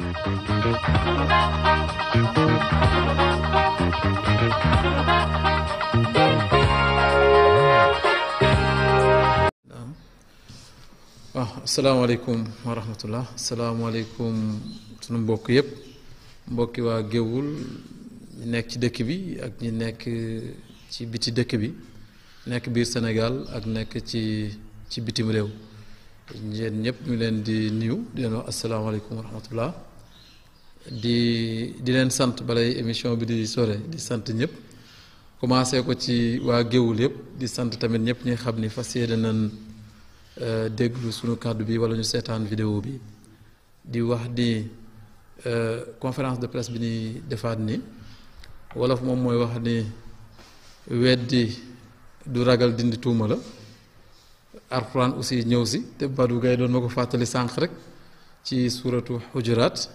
waaw ah, asalaamaaleykum wa rahmatullah asalaamaaleykum sunu mbokk yëpp mbokki waa géwul nekk ci dëkk bi ak ñi nekk ci biti dëkk bi nekk biir senegal ak nekk ci bitim réew ñeen ñépp ñu leen di nuyu di leen wax asalaamaaleykum wa di di leen sant balay émission bi di sore di sant ñëpp commencé ko ci waa géwul yëpp di sant tamit ñëpp ñi xam ni fas yéene nañ euh, déglu sunu kàddu bi wala ñu seetaan vidéo bi di wax di euh, conférence de presse bi ñuy defaat ni wolof moom mooy wax ni weddi du ragal dindi tuuma la Alxuraan aussi ñëw si te Badou Gaye doon ma ko fàttali sànq rek ci suuratu Hujuraat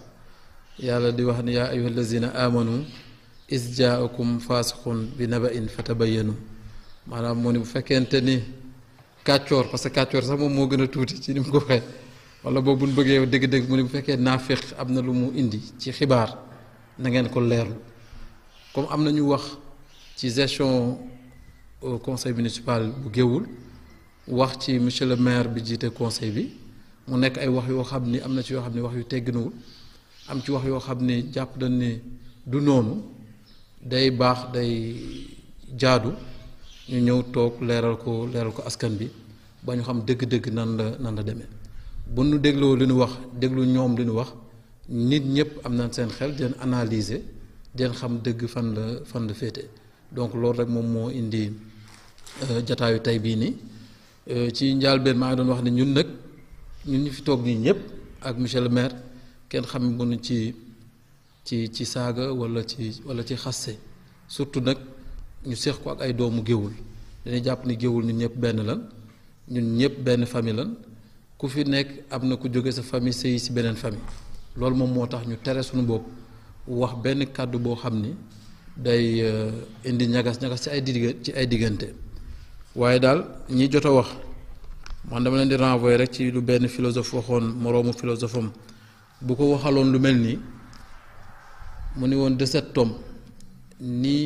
yàlla di wax ne yaa ayuha allazina amanu is jaakum faasiqun bi naba ba fatabayanu maanaam mu ne bu fekkente ni kàccoor parce que kàccoor sax moom moo gën a tuuti ci ni mu ko waxee wala boobu bëggee dëgg-dëgg mu ne bu fekkee naafiq am na lu mu indi ci xibaar nangeen ko leerlu comme am na ñu wax ci gestion conseil municipal bu géwul wax ci monsieur le maire bi jiite conseil bi mu nekk ay wax yoo xam ni am na ci yoo xam ni wax yu tegginuwul am ci wax yoo xam ne jàpp dañ ne du noonu day baax day jaadu ñu ñëw toog leeral ko leeral ko askan bi ba ñu xam dëgg-dëgg nan la nan la demee bu ñu dégloo li ñu wax déglu ñoom li ñu wax nit ñëpp am nañ seen xel di analyser di xam dëgg fan la fan la féete donc loolu rek moom moo indi euh, jataayu tey bii nii euh, ci njaal maa ngi doon wax ne ñun nag ñun ñu fi toog nii ñëpp ak monsieur le maire. kenn xam bunu ci ci ci saaga wala ci wala ci xaste surtout nag ñu seex ko ak ay doomu géwul dañuy jàpp ni géwul ñun ñëpp benn lan ñun ñëpp benn famille lan ku fi nekk am na ku jóge sa famille sëy si beneen famille loolu moom moo tax ñu tere suñu bopp wax benn kàddu boo xam ni day euh, indi ñagas ñagas ci ay digg ci ay diggante waaye daal ñi jot a wax man dama leen di renvoyer rek ci lu benn philosophe waxoon moroomu philosophe am bu ko waxaloon lu mel nii mu ni woon de tome ni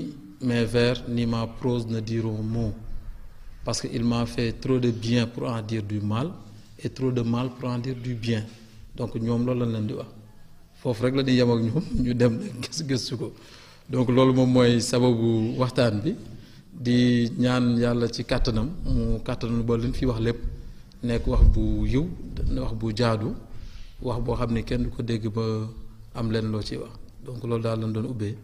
mes vers ni ma prose ne diront mot parce que il m'a fait trop de bien pour en dire du mal et trop de mal pour en dire du bien donc ñoom loolu lañ leen di wax foofu rek la di yem ak ñoom ñu dem gëstu gëstu ko donc loolu moom mooy sababu waxtaan bi di ñaan yàlla ci kàttanam mu kàttanam ba li fi wax lépp nekk wax bu yiw wax bu jaadu wax boo xam ne kenn du ko dégg ba am leen loo ci wax donc loolu daal lañ doon ubbee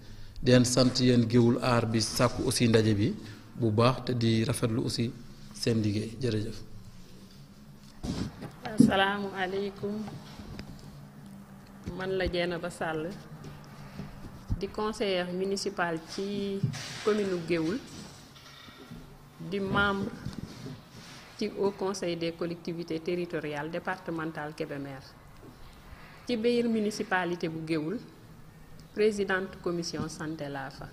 di leen sant yéen géwul aar bi sàkku aussi ndaje bi bu baax te di rafetlu aussi seen liggéey jërëjëf. asalaamualeykum man la ba Sall di conseillère municipale ci commune géwul di membre ci Haut Conseil des collectivités territoriales départementales Kébémer ci biir municipalité bu Géoul présidente commission santé laa fa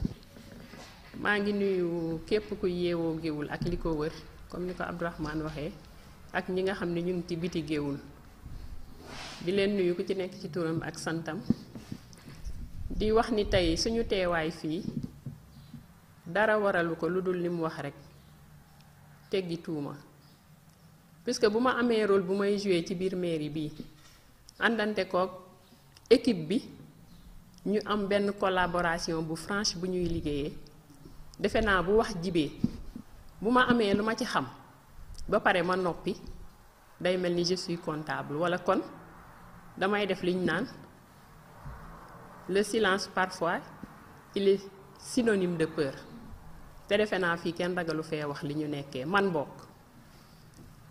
maa ngi nuyu képp ku yeewoo géwul ak li ko wër comme ni ko Abdourahmane waxee ak ñi nga xam ne ñu ngi ci biti Géoul di leen nuyu ku ci nekk ci turam ak santam di wax ni tey suñu teewaay fii dara waralu ko lu dul li mu wax rekk teggi tuuma puisque bu ma amee role bu may joué ci biir mairie bii àndante koog équipe bi ñu am benn collaboration bu franche bu ñuy liggéeyee defe naa bu wax jibee bu ma amee lu ma ci xam ba pare ma noppi day mel ni je suis walla kon damay def liñ naan le silence parfois il est synonyme de peur te defe naa fii kenn ragalu fee wax li ñu nekkee man bokk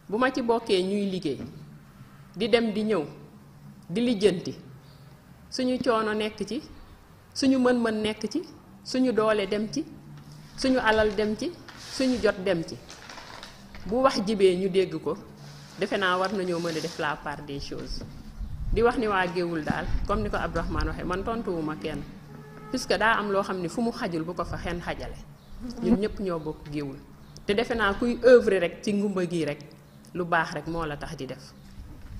bu ma ci bokkee ñuy liggéey di dem di ñëw di lijjanti suñu coono nekk ci suñu mën-mën nekk ci suñu doole dem ci suñu alal dem ci suñu jot dem ci bu wax jibee ñu dégg ko defe naa war nañoo mën def la part des choses di wax ni waa géewul daal comme ni ko Abdourahmane waxee man tontuwuma kenn puisque daa am loo xam ni fu mu xajul bu ko fa xen xajale ñun ñëpp ñoo bokk géewul te defe naa kuy œuvre rek ci ngumba gii rek lu baax rek moo la tax di def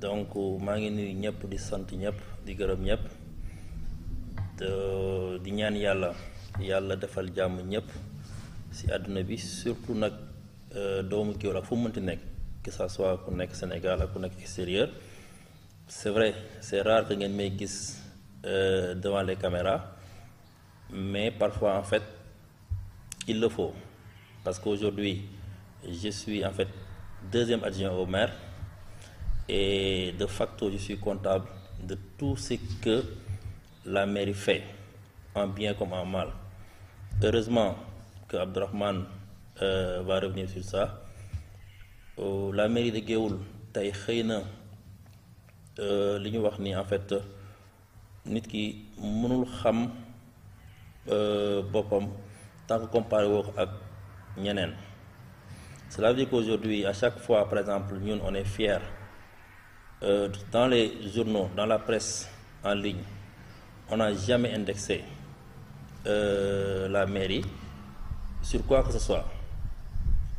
donc maa ngi nuyu ñëpp di sant ñëpp di gërëm ñëpp te di ñaan yàlla yàlla defal jàmm ñëpp si àdduna bi surtout nag euh, doomu Géwél ak fu mënti que ça soit ku nekk Sénégal ak ku nekk extérieur c'est vrai c'est rare que ngeen may gis euh, devant les caméras mais parfois en fait il le faut parce qu'aujourd'hui je suis en fait deuxième adjoint au maire et de facto, je suis comptable de tout ce que la mairie fait, en bien comme en mal. Heureusement que Abdurrahman euh, va revenir sur ça. Euh, la mairie de Géoul, tey xëy na euh, li en fait nit ki mënul xam boppam tant que comparé woo ak ñeneen cela veut dire qu'aujourd'hui à chaque fois par exemple nous on est fier euh, dans les journaux, dans la presse en ligne, on n'a jamais indexé euh, la mairie sur quoi que ce soit.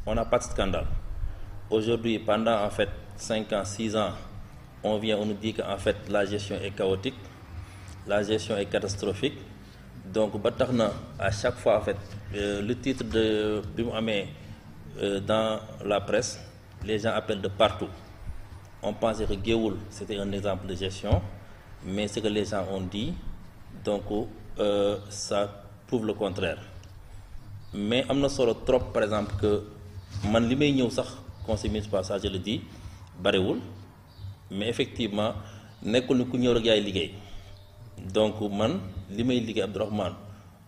On n'a pas de scandale. Aujourd'hui, pendant en fait 5 ans, 6 ans, on vient, on nous dit que fait la gestion est chaotique, la gestion est catastrophique. Donc, à chaque fois, fait, euh, le titre de Bimamé dans la presse, les gens appellent de partout on pensait que Géoul, c'était un exemple de gestion, mais ce que les gens ont dit, donc euh, ça prouve le contraire. Mais il y a trop, par exemple, que man li may ñëw sax conseil municipal ça je le dis bariwul mais effectivement nekkul ni ku ñëw rek yaay donc man li may liggéey Abdourahmane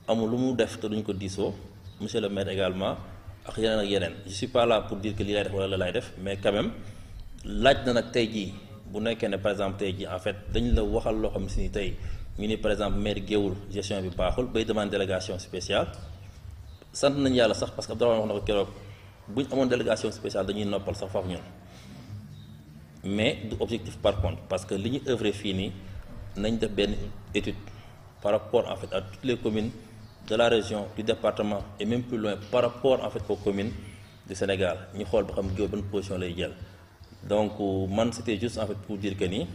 amul lu mu def te duñ ko diisoo monsieur le maire également ak ne je suis pas là pour dire que li lay def mais quand même laaj na nag tey jii bu nekkee ne par exemple tey jii en fait dañ la waxal loo xam si ni tey ñu ni par exemple maire Géoul gestion bi baaxul bay demande délégation spéciale sant nañ yàlla sax parce que Abdourahmane wax na ko keroog buñ amoon délégation spéciale dañuy noppal sax foofu ñun mais du objectif par contre parce que li ñu œuvré fii nii nañ def benn étude par rapport en fait à toutes les communes de la région du département et même plus loin par rapport en fait aux communes du Sénégal ñu xool ba xam Géoul ban position lay jël. Donc, euh, moi, c'était juste en fait pour dire que ni,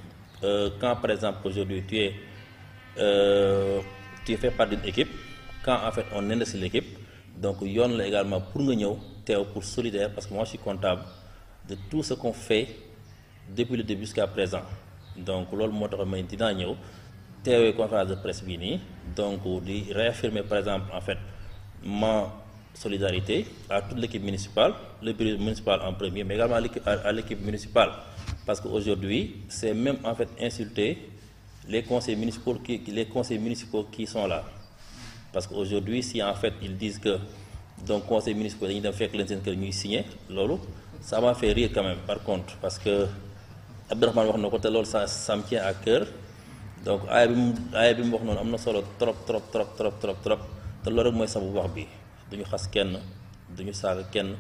euh, quand par exemple aujourd'hui tu es, euh, tu es fait partie d'une équipe, quand en fait on est équipe donc y là également pour nous, pour solidaire, parce que moi je suis comptable de tout ce qu'on fait depuis le début jusqu'à présent. Donc, lors moo que may dinaa ñëw teewee conférence de presse bii donc de réaffirmer par exemple en fait ma solidarité à toute l'équipe municipale, le bureau municipal en premier, mais également à l'équipe municipale. Parce qu'aujourd'hui, c'est même en fait insulter les conseils municipaux qui, les conseils municipaux qui sont là. Parce qu'aujourd'hui, si en fait ils disent que donc conseil municipaux ils ont que que que signé ça m'a fait rire quand même par contre parce que ça me tient à cœur donc à trop, trop, trop trop trop trop trop trop trop, trop, trop, duñu xas kenn duñu saaga kenn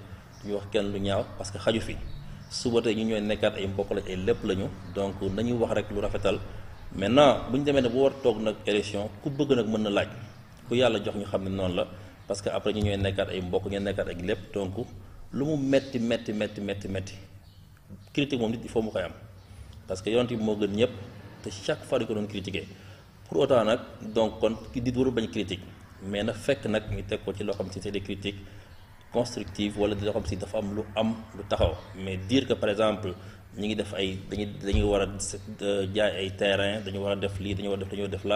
ñu wax kenn lu ñaaw parce que xaju fi suba tey ñu ñooy nekkaat ay mbokk lañ ay lépp lañu donc nañu wax rek lu rafetal maintenant bu ñu demee ne bu war toog nag élection ku bëgg nag mën na laaj ku yàlla jox ñu xam ne noonu la parce que après ñu ñooy nekkaat ay mbokk ñooy nekkaat ak lépp donc lu mu metti metti metti metti metti critique moom nit il mu koy am parce que yonent moo gën ñëpp te chaque fois di ko doon critiquer pour autant mais en effet, que nous avons ci des critiques constructives wala des xam si dafa am lu am lu mais dire que par exemple nous avons def ay dañuy dañuy war jaay ay terrain dañu wara def def def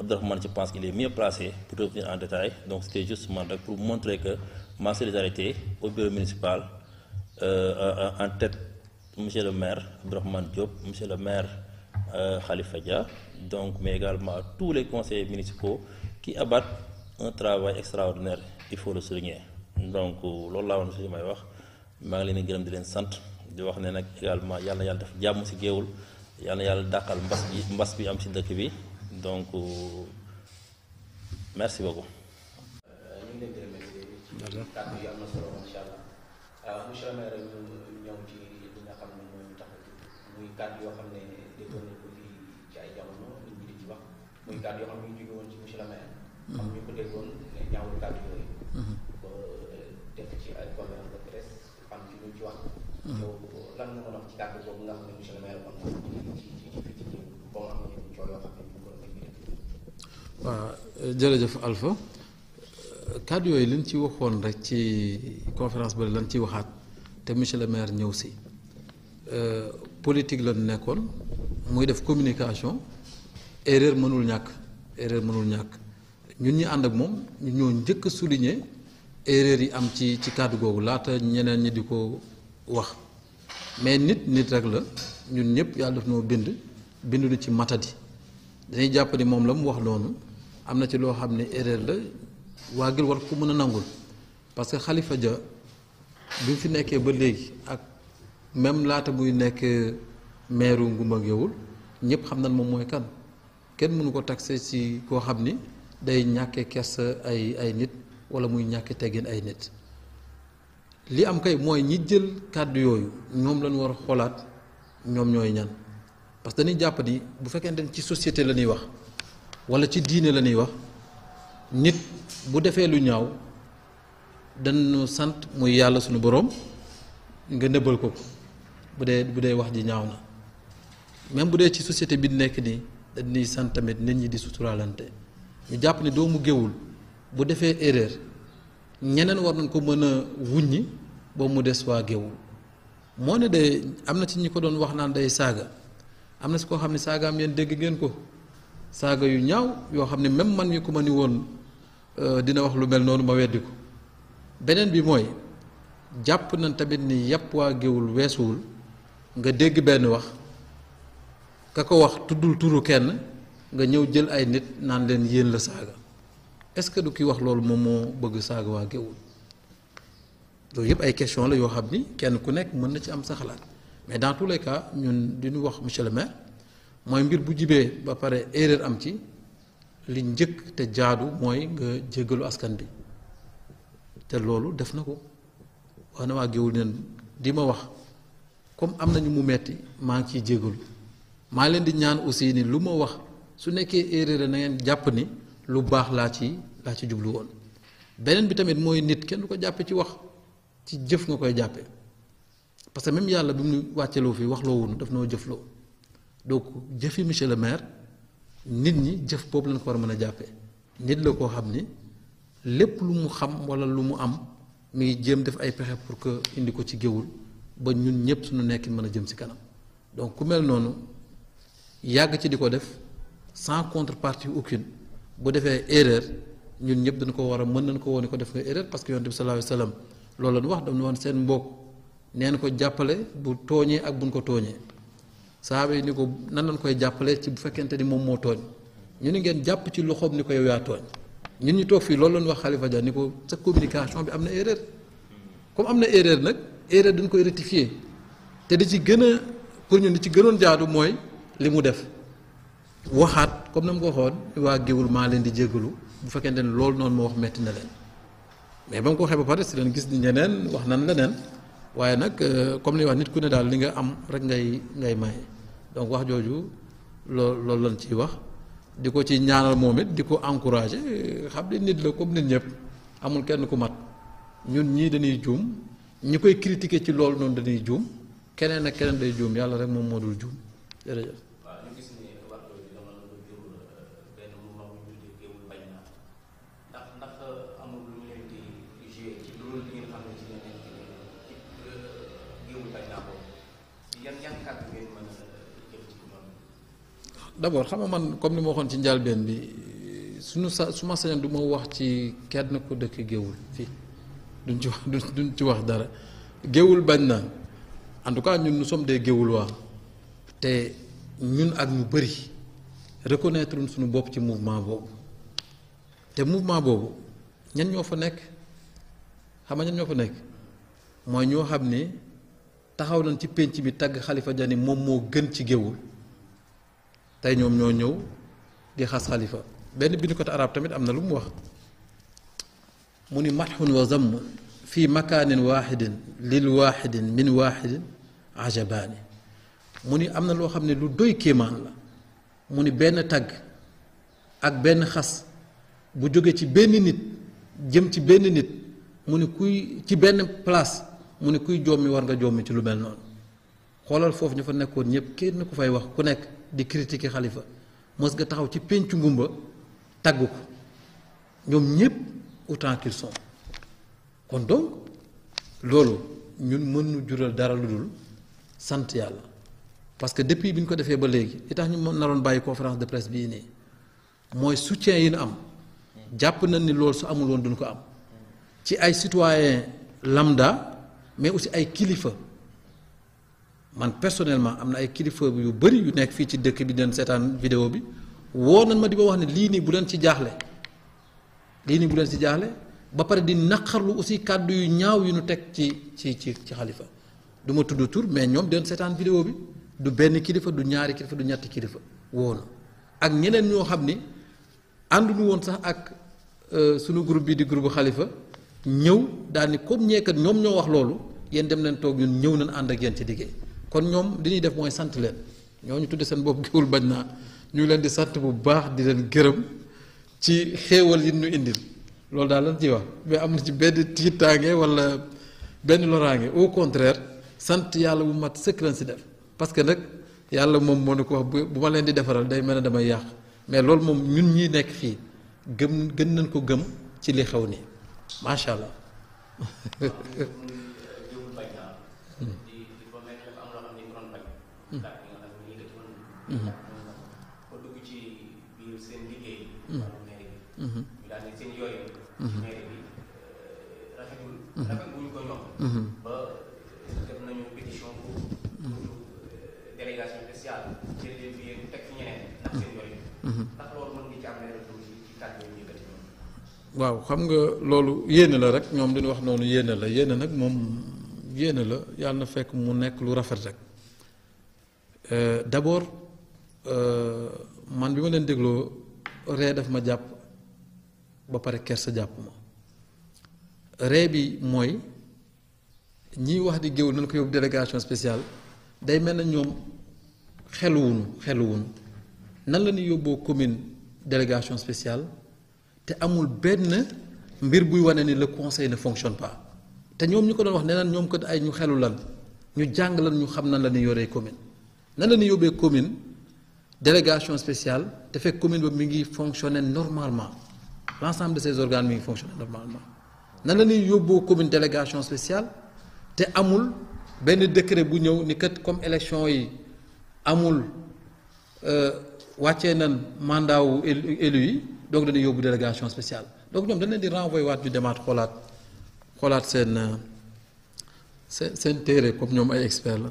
Abdourahmane je pense qu'il est mieux placé pour revenir en détail donc c'était justement pour montrer que ma solidarité au bureau municipal euh, en tête monsieur le maire Abdourahmane Diop monsieur le maire euh, Khalifa Dia donc mais également tous les conseillers municipaux ki abat un eh, travail extraordinaire il faut le souligner donc loolu la won ci may wax ma ngi leen di di leen sante di wax ne nak également yalla yalla def jamm ci géewul yalla yalla dakal mbass bi mbass bi am ci dëkk bi donc merci beaucoup. ñu ngi leen di remercier ci kàddu yi am na solo macha allah monsieur le maire ñu ñëw ci li nga xam ne mooy tax muy kàddu yoo xam ne déggoon nañ ko fii ci ay jamono nit ñi di ci wax muy kàddu yoo xam ne ñu jóge woon ci monsieur le maire. xam ñu ko déggoon ne ñaawul kàddu yooyu ba def ci ay conférence de presse am ci luñ ci wax yow lan nga mën a wax ci kàddu boobu nga xam ne monsieur le maire kon ci ci ci fi ci ñëw ba mu am nañu coow yoo xam ne ñu ko def waaw jërëjëf Alpha kàddu yooyu liñ ci waxoon rek ci conférence bële lañ ci waxaat te monsieur le maire ñëw si politique la nekkoon muy def communication erreur mënul ñàkk erreur mënul ñàkk ñun ñi ànd ak moom ñu ñoo njëkk a souligner yi am ci ci kàddu googu laata ñeneen ñi di ko wax mais nit nit rek la ñun ñëpp yàlla daf noo bind binduñu ci matadi dañuy jàpp moom la mu wax noonu am na ci loo xam ne erreur la waa gil war ko mën a nangul parce que Khalifa Dia bi mu fi nekkee ba léegi ak même laata muy nekk maire Ngoumba Ngewoul ñëpp xam na moom mooy kan kenn mënu ko taxé ci koo xam ni day ñàkke kersa ay ay nit wala muy ñàkke teggin ay nit li am kay mooy ñi jël kàddu yooyu ñoom lañu war a xoolaat ñoom ñooy ñan parce que dañuy jàpp di bu fekkente ne ci société la ñuy wax wala ci diine la ñuy wax nit bu defee lu ñaaw dañu sant muy yàlla sunu boroom nga nëbbal ko bu dee bu dee wax ji ñaaw na même bu dee ci société bi nekk nii dañuy sant tamit nit ñi di suturaalante ñu jàpp ne doomu géwul bu defee erreur ñeneen war nañ ko mën a wuññi ba mu des waa géwul moo ne de am na ci ñu ko doon wax naan day saaga am na si koo xam ne saagaam yéen dégg ngeen ko saaga yu ñaaw yoo xam ne même man yi ko ma ni woon euh, dina wax lu mel noonu ma weddi ko beneen bi mooy jàpp nañ tamit ni yàpp waa géwul weesuwul nga dégg benn wax ka ko wax tuddul turu kenn nga ñëw jël ay nit naan leen yéen la saaga est-ce que du ki wax loolu moom moo bëgg saaga waa géwul loolu yëpp ay question la yoo xam ni kenn ku nekk mën na ci am sa xalaat mais dans tous les ñun di ñu wax monsieur le mooy mbir bu jibee ba pare erreur am ci li njëkk te jaadu mooy nga jéggalu askan bi te loolu def na ko wax na waa géwul neen di ma wax comme am nañu mu metti maa ngi ciy jéggalu maa leen di ñaan aussi ni lu ma wax su nekkee erreur la nangeen jàpp ni lu baax laa ci laa ci jublu woon beneen bi tamit mooy nit kenn du ko jàppe ci wax ci jëf nga koy jàppe parce que même yàlla bi mu wàcceloo fii wax loo woon daf noo jëf loo donc jëfi monsieur maire nit ñi jëf boobu lañ ko war a mën a jàppe nit la koo xam ni lépp lu mu xam wala lu mu am mi ngi jéem def ay pexe pour que indi ko ci géwul ba ñun ñëpp suñu nekki mën a jëm si kanam donc ku mel noonu yàgg ci di ko def sans contrepartie aucune bu defee erreur ñun ñëpp dañu ko war a mën nañ ko woon ko def nga erreur parce que yonent bi sallallahu alayhi wasallam wax dañu woon seen mbokk neen ko jàppale bu tooñee ak buñ ko tooñee saaba yi ni ko nan lañ koy jàppale ci bu fekkente ni moom moo tooñ ñu ni ngeen jàpp ci loxoom ni ko yow yaa tooñ ñun ñu toog fii loolu lañu wax Khalifa jaa ni ko sa communication bi am na erreur comme am na erreur nag erreur dañ koy rectifier te di ci gën a pour ñun di ci gënoon jaadu mooy li mu def waxaat comme na mu ko waxoon waa géwul maa leen di jégalu bu fekkente ne loolu noonu moo wax metti na leen mais ba mu ko waxee ba pare si leen gis ni ñeneen wax nan leneen waaye nag euh, comme li wax nit ku ne daal li nga am rek ngay ngay maye donc wax jooju loo loolu lañ ciy wax di ko ci ñaanal moom it di ko encouragé xam ne nit la comme nit ñëpp amul kenn ku mat ñun ñii dañuy juum ñi koy critiquer ci loolu noonu dañuy juum keneen ak keneen day juum yàlla rek moom moo dul juum yan yan xam nga man comme ni ma waxoon ci njëlbeen bi suñu sa su ma sañoon du ma wax ci kenn ku dëkk géewul fii duñ ci wax duñ ci wax dara géewul bañ na en tout cas ñun nu sommes des géewul waa te ñun ak ñu bëri reconnaître suñu bopp ci mouvement boobu te mouvement boobu ñan ñoo fa nekk xam nga ñan ñoo fa nekk mooy ñoo xam ni. taxaw nañ ci pénc bi tagg xalifa jani moom moo gën ci géwul tey ñoom ñoo ñëw di xas xalifa benn bindukatu arab tamit am na lu mu wax mu ni matxun wa zamm fi makaanin waaxidin lil waaxidin min waaxidin ajabaani mu ni am na loo xam ne lu doy kéemaan la mu ni benn tagg ak benn xas bu jóge ci benn nit jëm ci benn nit mu ni kuy ci benn place mu ne kuy jommi war nga jommi ci lu mel noonu xoolal foofu ñu fa nekkoon ñëpp kenn ko fay wax ku nekk di critiquer xalifa mës nga taxaw ci péncu ngumba tagg ko ñoom ñëpp autant qu'ils sont kon donc loolu ñun mën nu jural dara lu dul sant yàlla parce que depuis bi ñu ko defee ba léegi li tax ñu naroon bàyyi conférence de presse bii nii mooy soutien yi ñu am jàpp nañ ni lool su amul woon duñ ko am ci ay citoyen lambda mais aussi ay kilifa man personnellement amna ay kilifa yu bari yu nek fi ci dekk bi den setan vidéo bi woo nañ ma di ma wax ni li ni bu len ci jaxlé li ni bu len ci jaxlé ba paré di nakharlu aussi kàddu yu ñaaw yu nu tek ci ci ci ci khalifa duma tuddu tour mais ñom den setan vidéo bi du ben kilifa du ñaari kilifa du ñatt kilifa won ak ñeneen ñoo xamni andu ñu won sax ak euh, sunu groupe bi di groupe khalifa ñew daal ni comme ñeek ñom ñoo wax lolu yéen dem leen toog ñun ñëw nañ ànd ak yéen ci liggéey kon ñoom li ñuy def mooy sant leen ñooñu tudde seen bopp géwul bañ naa ñu leen di sant bu baax di leen gërëm ci xéewal yi ñu indil loolu daal lañ ciy wax mais am na ci benn tiitaange wala benn loraange au contraire sant yàlla bu mat sëkk leen si def parce que nag yàlla moom moo ne ko wax bu ma leen di defaral day mën ne damay yàq mais loolu moom ñun ñi nekk fii gën gën nañ ko gëm ci li xew nii macha allah. Mm-hmm. Mm-hmm. Mm-hmm. Euh, ba euh, euh, dugg waaw xam nga loolu yéen la rek ñoom dañu wax noonu yéen la yéen nag moom yéene la yàlla na fekk mu nekk lu rafet rek d'abord. Euh, man bi ma leen dégloo ree daf ma jàpp ba pare kersa jàpp ma ree bi mooy ñiy wax di géwul nañ ko yóbbu délégation spéciale day mel na ñoom xeluwunu xeluwunu nan la ñuy yóbboo commune délégation spéciale te amul benn mbir buy wane ni le conseil ne fonctionne pas te ñoom ñu ko doon wax nee naan ñoom ko ay ñu xelu lan ñu jàng lan ñu xam na la ñuy yoree commune nan la ñuy yóbbee commune délégation spéciale te fait, commune boobu mi ngi normalement L'ensemble de ces organes mi normalement. fonctionner normalement nan la ñuy une commune délégation spéciale te amul ben décret bu ñëw ni kat comme élection yi amul euh, wàccee nan mandat wu élu yi donc dañuy yóbbu délégation spéciale donc nous dañ leen di renvoyer waat ñu demaat xoolaat xoolaat sen euh, sen intérêt comme nous ay expert la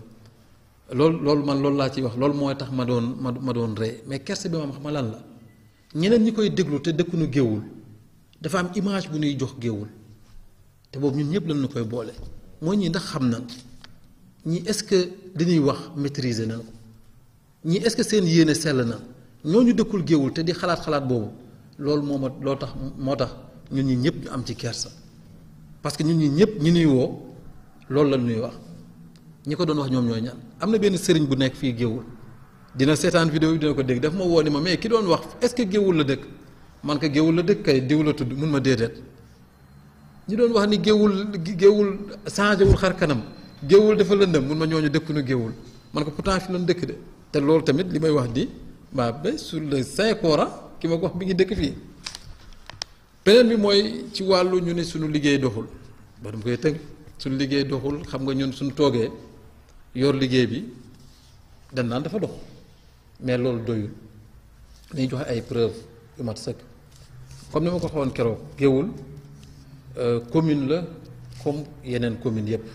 loolu loolu man loolu laa ciy wax loolu mooy tax ma doon ma ma doon ree mais kerse bi ma xam lan la ñeneen ñi koy déglu te dëkkuñu géewul dafa am image bu ñuy jox géewul te boobu ñun ñëpp lañu koy boole mooy ñii ndax xam nan ñii est-ce que dañuy wax maîtriser nañ ko ñii est-ce que seen yéene sell na ñooñu dëkkul géewul te di xalaat xalaat boobu loolu moo ma loo tax moo tax ñun ñi ñëpp ñu am ci kersa parce que ñun ñi ñëpp ñu nuy woo loolu la ñuy wax ñi ko doon wax ñoom ñooy ñaan am na benn sëriñ bu nekk fii géewul dina seetaan vidéo bi dina ko dégg daf ma woo ni ma mais ki doon wax est-ce que géewul la dëkk man ko géewul la dëkk kay diw la tudd mun ma déedéet ñu doon wax ni géewul géewul changé wul xar kanam géewul dafa lëndëm mun ma ñooñu dëkkuñu géewul man ko pourtant fi lan dëkk de te loolu tamit li may wax di waa ba sur le Saint Coran ki ma ko wax bi ngi dëkk fii beneen bi mooy ci wàllu ñu ne suñu liggéey doxul ba dama koy tënk suñu liggéey doxul xam nga ñun suñu toogee yor liggéey bi dañ naan dafa dox mais loolu doyul nañ joxe ay preuve yu mat comme ni ma ko waxoon keroog géewul euh, commune la comme yeneen commune yëpp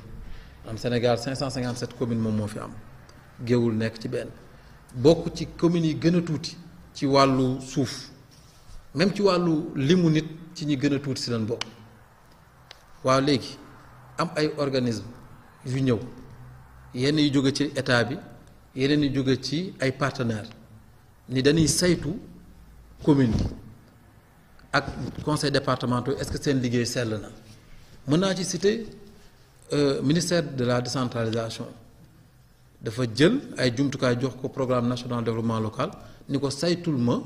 am Sénégal 557 commune moom moo fi am géewul nekk ci benn bokk ci communes yi gën a tuuti ci wàllu suuf même ci wàllu limu nit ci ñi gën a tuuti si leen bokk waaw léegi am ay organisme yu ñëw yenn yu jóge ci état bi yeneen yu jóge ci ay partenaires ni dañuy saytu commune avec ak conseil départemental est-ce que seen liggéey sell na mën naa ci citer euh, ministère de la décentralisation dafa jël ay jumtukaay jox ko programme national de développement local ni ko saytul ma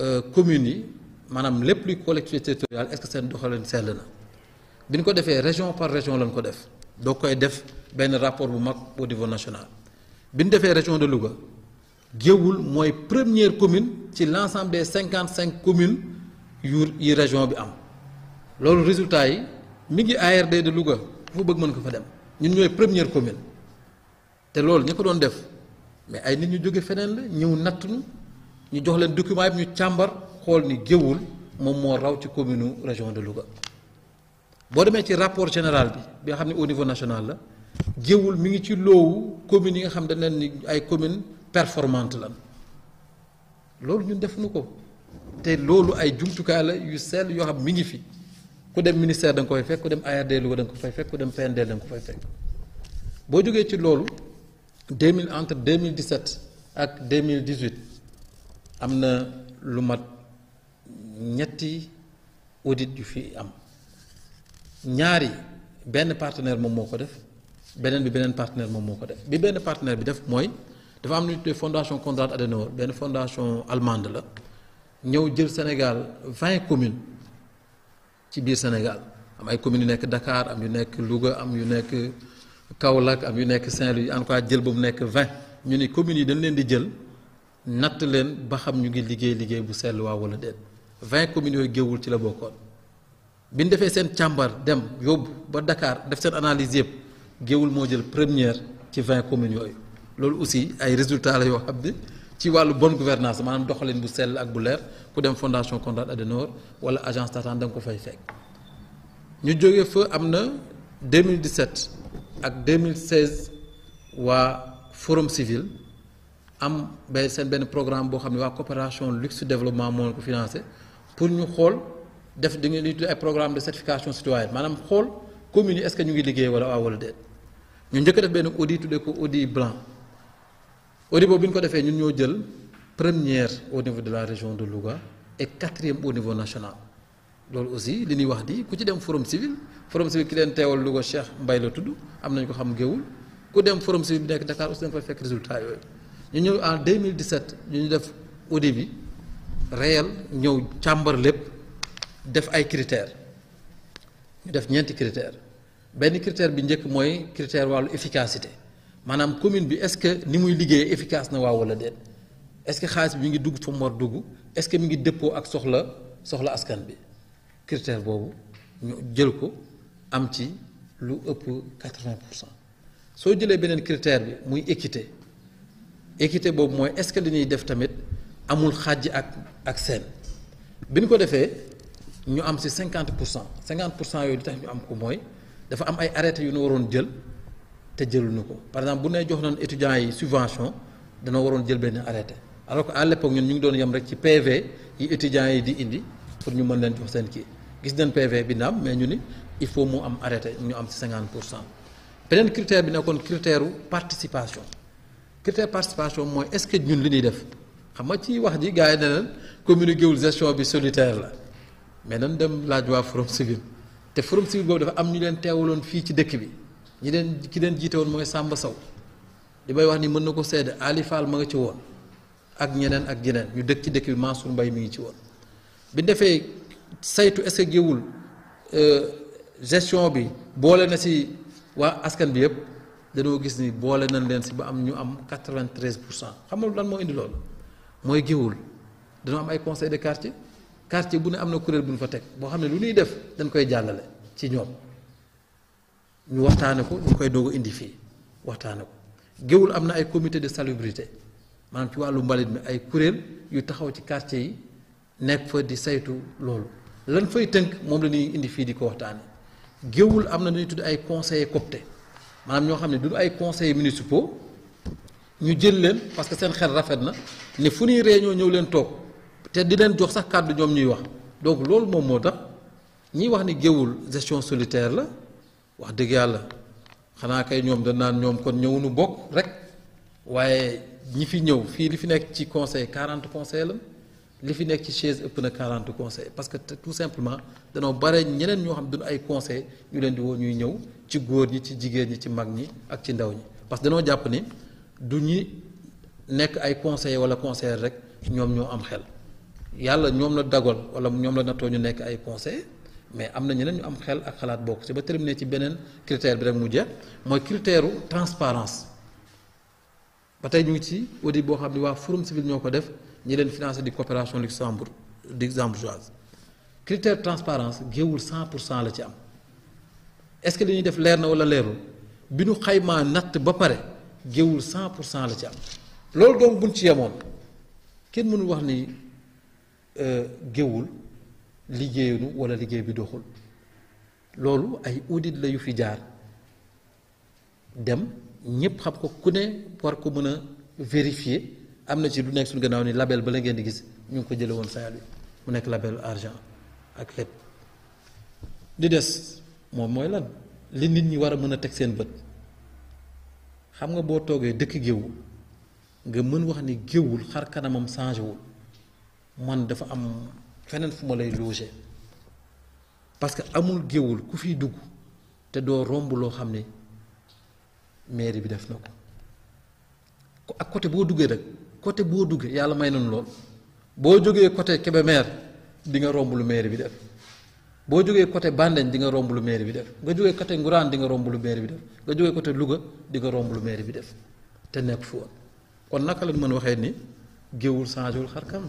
euh, communes yi maanaam lépp luy collectivité territoriale est-ce que seen doxalin sell na bi ñu ko defee région par région lañ ko def doo koy def y rapport au niveau national bi fait région de Louga Géoul première commune sur l'ensemble des 55 communes yu yi région bi am résultat est que ARD de Louga vous la première commune te def mais ay la document ni commune région de Louga boo rapport général au niveau national géewul mi ngi ci loowu communes yi nga xam dañ ni ay commune performante lan loolu ñun def nu ko te loolu ay jumtukaay la yu sell yoo xam mi ngi fi ku dem ministère da nga ko fay fekk ku dem ARD Louga da nga ko fay fekk ku dem PND da nga ko fay fekk boo jógee ci loolu 2000 entre 2017 ak 2018 am na lu mat ñetti audit yu fi am ñaari benn partenaire moom moo ko def benen bi benen partenaire mom moko def bi benn partenaire bi def mooy dafa am lu ñuy tuddee fondation Konrad Adenauer benn fondation allemande la ñëw jël Sénégal 20 communes ci biir Sénégal am ay communes yu nekk Dakar am yu nekk Louga am yu nekk Kaolack am yu nekk Saint-Louis en tout cas jël ba mu nekk vingt ñu ni communes yi dañ leen di jël natt leen ba xam ñu ngi liggéey liggéey bu sell waa wala déet 20 communes yooyu géewul ci la bokkoon bi ñu defee seen càmbar dem yóbbu ba Dakar def seen analyse yëpp géewul moo première ci 20 communes yooyu loolu aussi ay résultats la yoo xam ne ci wàllu bonne gouvernance maanaam doxalin bu sell ak bu leer ku dem fondation Conrad Adenauer wala agence Tatan da nga ko fay fekk ñu jóge fa am 2017 ak 2016 waa forum civil am bay seen ben programme boo xam ne coopération luxe développement moo ko financé pour ñu xool def di nga programme de certification citoyenne Madame xool commune est-ce que ñu ngi liggéey wala ñu njëkk def benn audit tuddee ko audit blanc audit boobu bi ñu ko defee ñun ñoo jël première au niveau de la région de Louga et quatrième au niveau national loolu aussi li ñuy wax di ku ci dem forum civil forum civil ki leen teewal Louga Cheikh Mbaye la tudd am nañ ko xam géewul ku dem forum civil bi nekk Dakar aussi da nga fekk résultat yooyu ñu ñëw en 2017 ñu ñu def audit bi réel ñëw càmbar lépp def ay critères ñu def ñeenti critères benn critère bi njëkk mooy critère wàllu efficacité maanaam commune bi est-ce que ni muy liggéeyee efficace na waaw wala déet est-ce que xaalis bi mi ngi dugg fu mu war dugg est-ce que mi ngi dëppoo ak soxla soxla askan bi critère boobu ñu jël ko am ci lu ëpp 80 pour cent soo jëlee beneen critère bi muy équité équité boobu mooy est-ce que li ñuy def tamit amul xàjj ak ak seen bi ñu ko defee ñu am si 50 pour cent 50 pour cent yooyu li tax ñu am ko mooy. dafa am ay arrêté yu ñu waroon jël te jëluñu ko par exemple bu nee jox nañ étudiants yi subvention dana waroon jël benn arrêté alors que à l'époque ñun ñu ngi doon yem rek ci PV yi étudiants yi di indi pour ñu mën leen jox seen kii gis nañ PV bi naam mais ñu ni il faut mu am arrêté ñu am ci 50 pour cent beneen critère bi nekkoon critère participation critère participation mooy est-ce que ñun li ñuy def xam nga ci wax ji gars yi ne leen communiqué wul bi solitaire la mais nan dem laaj waa Forum Civil te forum civil boobu dafa am ñu leen teewaloon fii ci dëkk bi ñi leen ki leen jiite woon mooy Samba saw li may wax ni mën na ko sedd Ali Fall ma nga ci woon ak ñeneen ak ñeneen ñu dëkk ci dëkk bi Mansour Mbaye mi ngi ci woon bi defee saytu est-ce que euh, gestion bi boole na si waa askan bi yëpp dañoo gis ni boole na leen si ba am ñu am 93 pour cent xamul nga lan moo indi loolu mooy géwul danoo am ay conseil de quartier quartier bu ne am na kuréel bu ñu fa teg boo xam ne lu ñuy def dañ koy jàllale ci ñoom ñu waxtaane ko ñu koy doog indi fii waxtaane ko géwul am na ay comité de salubrité maanaam ci wàllu mbalit mi ay kuréel yu taxaw ci quartier yi nekk fa di saytu loolu lan fay tënk moom la ñuy indi fii di ko waxtaane géwul am na lu tudd ay conseillers cooptés maanaam ñoo xam ne du ay conseil municipaux ñu jël leen parce que seen xel rafet na ne fu ñuy réunion ñëw leen toog té di len jox sax kàddu ñom ñuy wax donc loolu moom motax ñi wax ni géwul gestion solitaire la wax deug yàlla xana kay ñom da naan ñom kon ñewunu bok rek waye ñi fi ñew fi li fi nek ci conseil 40 conseil la li fi nek ci chaise ëpp na 40 conseil parce que tout simplement da no bare ñeneen ñoo xam duñ ay conseil ñu leen di wo ñuy ñew ci goor ñi ci jigeen ñi ci mag ñi ak ci ndaw ñi parce que da no japp ni du nek ay conseil wala conseil rek ñom ñoo am xel yalla ñom la dagol wala ñom la nattoo ñu nek ay conseil mais amna na ñeneen ñu am xel ak xalaat bok ci ba terminer ci benen critère bi rek mu jeex mooy critère transparence ba tey ñu ci audit bo xamni wa forum civil ñoko def ñi leen financer di coopération luxembourg luxembourgeoise critère transparence geewul 100 pour cent la ci am est-ce que dañuy def leer na wala leerul bi ñu xaymaa nat ba paré geewul 100 pour cent la ci am lool donc buñ ci yemoon kenn mënu wax ni. Euh, géwul liggéeyanu walla liggéey bi doxul loolu ay audit la yu fi jaar dem ñépp xam ko ku ne war ko mën a vérifier am na ci lu nekk suñu gannaaw ni label ba la ngeen di gis ñu ngi ko jële woon saal yi mu nekk label argent ak lépp li des moom mooy lan li nit ñi war a mën a teg seen bët xam nga boo toogee dëkk géwul nga mën wax ni géwul xar kanamam changé wul man dafa am feneen fu ma lay loger parce que amul géwul ku fiy dugg te doo romb loo xam ne mairie bi def na ko ak côté boo duggee rek côté boo duggee yàlla may nañu lool boo jógee côté Kébémer di nga romb lu mairie bi def boo jógee côté Bandène di nga romb lu mairie bi def nga jógee côté Ngourane di nga romb lu mairie bi def nga jógee côté Louga di nga romb lu mairie bi def te nekk fu woon kon naka lañ mën waxee ni géewul changé wul xar kam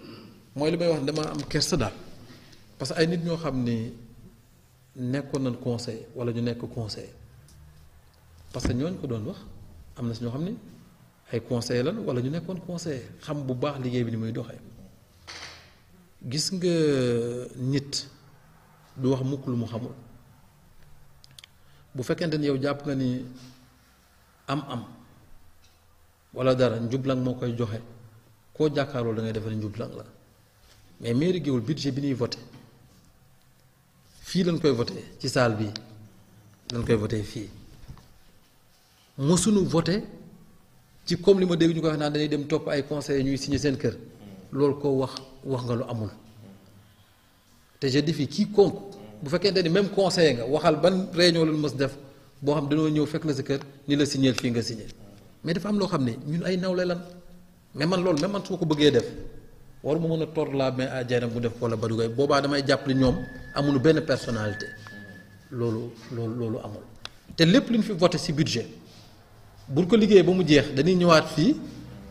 mooy li may wax damaa am kersa daal parce que ay nit ñoo xam ne nekkoon nañ conseil wala ñu nekk conseil parce que ñooñu ko doon wax am na si ñoo xam ni ay conseil lan wala ñu nekkoon conseil xam bu baax liggéey bi ni muy doxee gis nga nit du wax mukk lu mu xamul bu fekkente ni yow jàpp nga ni am-am wala dara njublang moo koy joxe koo jàkkaarloo da ngay defar njublang la. mais mairie Géoul budget bi ñuy voté fii lañ koy vote ci saal bi lañ koy voté fii mu sunu voté ci comme li ma dégg ñu ko wax naan dañuy dem topp ay conseillers ñuy signé seen kër loolu ko wax wax nga lu amul te je défie quiconque bu fekkente ni même conseiller nga waxal ban réunion lañ mës def boo xam dañoo ñëw fekk la sa kër ni la signé fii nga signé mais dafa am loo xam ne ñun ay nawle lan mais man loolu même man su ko bëggee def. war ma mën a toor la mais à bu def wala Badou Gueye boobaa damay jàpp ni ñoom amuñu benn personnalité loolu loolu loolu amul te lépp lu ñu fi voté ci budget buñ ko liggéeyee ba mu jeex dañuy ñëwaat fii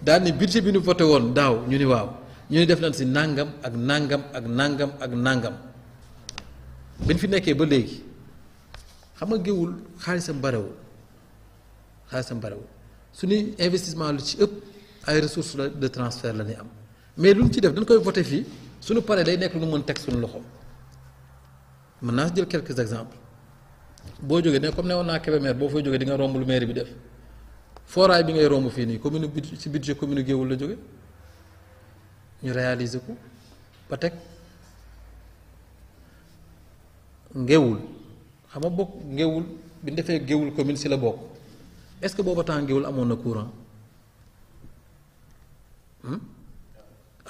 daal ni budget bi ñu voté woon daaw ñu ni waaw ñu ni def nañ si nàngam ak nàngam ak nàngam ak nàngam bañ fi nekkee ba léegi xam nga géwul xaalisam barewul xaalisam barewul suñuy investissement lu ci ëpp ay ressources de transfert la ñuy am mais luñ ci def dañ koy voté fi suñu que day nek lu tek suñu loxo quelques exemples Si vous ne comme né woon kébé maire bo fay di nga romb lu mairie bi def foray bi ngay romb fi ni commune ci budget commune nous, la ñu réaliser ko ba tek xama bok ngewul commune est-ce que courant. Hmm?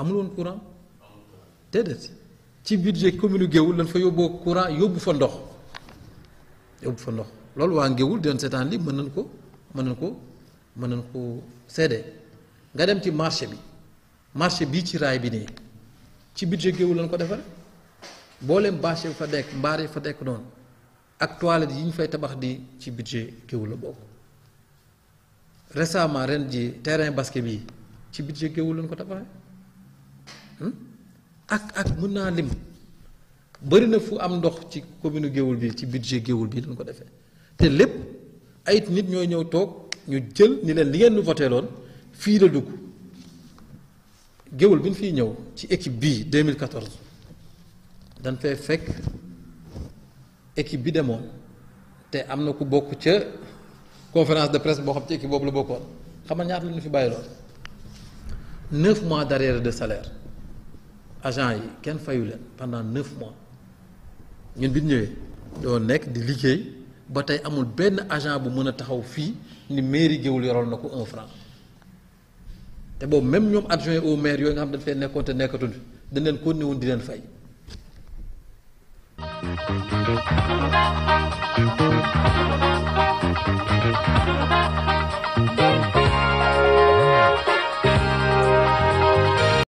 amul woon courant déedéet ci budget commune Géoul lañ fa yóbboo courant yóbbu fa ndox yóbbu fa ndox loolu waa Géoul doon seetaan li mën nañ ko mën nañ ko mën nañ ko seede nga dem ci marché bi marché bii ci raay bi nii ci budget Géoul lañ ko defare booleem bâche bi fa dekk mbaar yi fa dekk noonu ak toilette yi ñu fay tabax di ci budget Géoul la bokk récemment ren ji terrain basket bii ci budget Géoul lañ ko tabaxee ak ak mun naa lim bëri na fu am ndox ci commune géwul bi ci budget géwul bi lañ ko defee te lépp ay nit ñooy ñëw toog ñu jël ni leen li ngeen nu voté loon fii la dugg géwul bi ñu fiy ñëw ci équipe bii 2014 dañ fay fekk équipe bi demoon te am na ku bokk ca conférence de presse boo xam ci équipe boobu la bokkoon xam nga ñaata la ñu fi bàyyi loon 9 mois d'arriérés de salaire. agent yi kenn fayu leen pendant neuf mois ñun bi ñu ñëwee doo nekk di liggéey ba tey amul benn agent bu mën a taxaw fii ni mairie Géoul yoroon na ko un franc te boobu même ñoom adjoint au maire yooyu nga xam dañ fee nekkoon te nekkatul dañ leen continué woon di leen fay. Thank you.